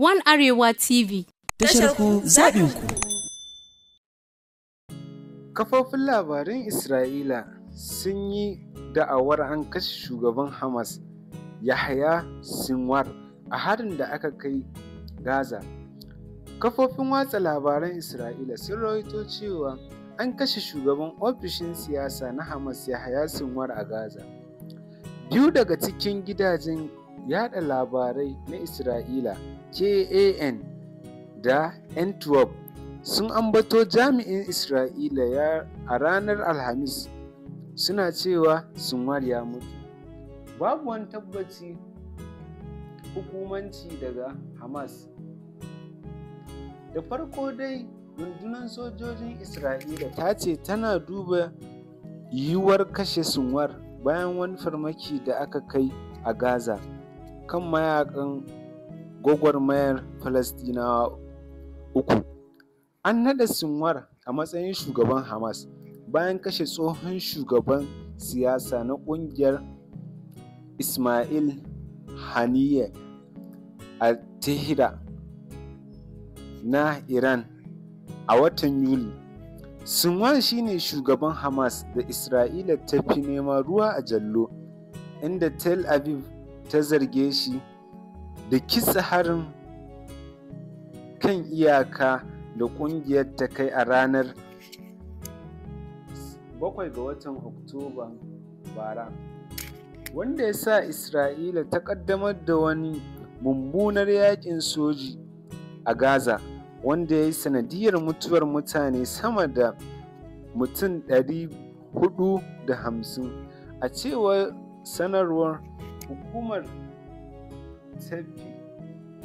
One Arewa TV. Tashar ku zaɓin ku. Kafofin labarin Isra'ila sun yi da'awar an kashe shugaban Hamas Yahya Sinwar a harin da aka kai Gaza. Kafofin watsa labaran Isra'ila sun rawaito cewa an kashe shugaban ofishin siyasa na Hamas Yahaya Sinwar a Gaza. Biyu daga cikin gidajen yada labarai na Isra'ila KAN da N12 sun ambato jami'in Isra'ila a ranar Alhamis suna cewa sunwar ya mutu. Babu wani tabbaci hukumanci daga Hamas. Da farko dai rundunar sojojin Isra'ila ta ce tana duba yiwuwar kashe sunwar, bayan wani farmaki da aka kai a Gaza. kan mayakan gwagwarmayar Falasɗinawa uku. An naɗa Sinwar a matsayin shugaban Hamas bayan kashe tsohon shugaban siyasa na ƙungiyar Ismail haniye a tehira na Iran a watan Yuli. Sinwar shine shugaban Hamas da Isra'ila ta fi neman ruwa a jallo, inda Tel Aviv ta zarge shi da kisa harin kan iyaka da ƙungiyar ta kai a ranar 7 ga watan Oktoba bara, wanda ya sa Isra'ila ta ƙaddamar da wani mummunar yaƙin soji a Gaza, wanda ya yi sanadiyar mutuwar mutane sama da mutum 450 a cewar sanarwar hukumar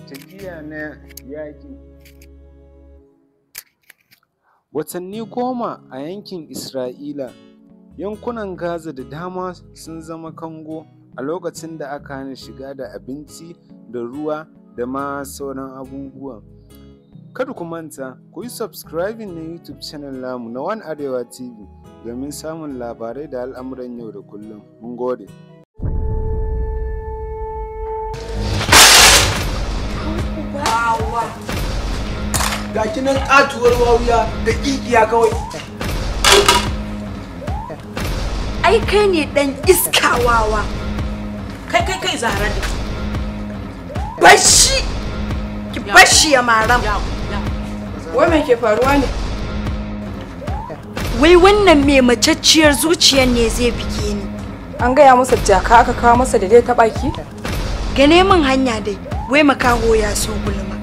tafiya na yaƙi watanni goma a yankin isra'ila yankunan gaza da dama sun zama kango a lokacin da aka hana shiga da abinci da ruwa da ma sauran abubuwa kada ku manta ku yi subscribing na youtube channel namu na one arewa tv domin samun labarai da al'amuran yau da kullum mun gode ga kinan katuwar wawuya da kikiya kawai ai kai ne dan iska wawa kai kai kai zara da bashi ki bashi ya maram wai me ke faruwa ne wai wannan mai macacciyar zuciyar ne zai bige ni an gaya masa jaka aka kawo masa da dai ta baki gane min hanya dai wai makaho ya so gulma